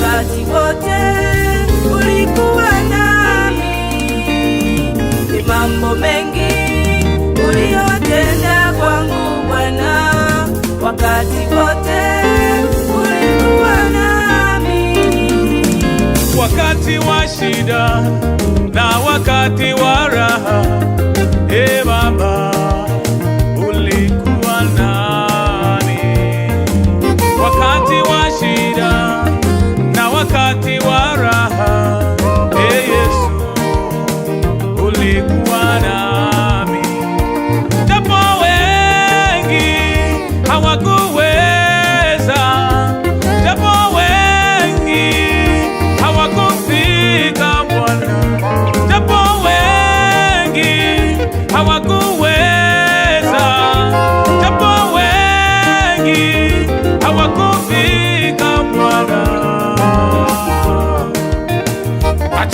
wakati wote ulikuwa nami, ni mambo mengi uliyotenda kwangu Bwana, wakati wote ulikuwa nami, wakati wa shida na wakati wa raha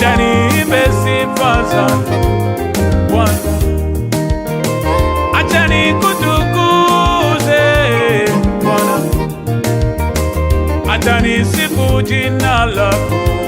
Acha niimbe sifa zako Bwana, acha nikutukuze Bwana, acha nisifu jina lako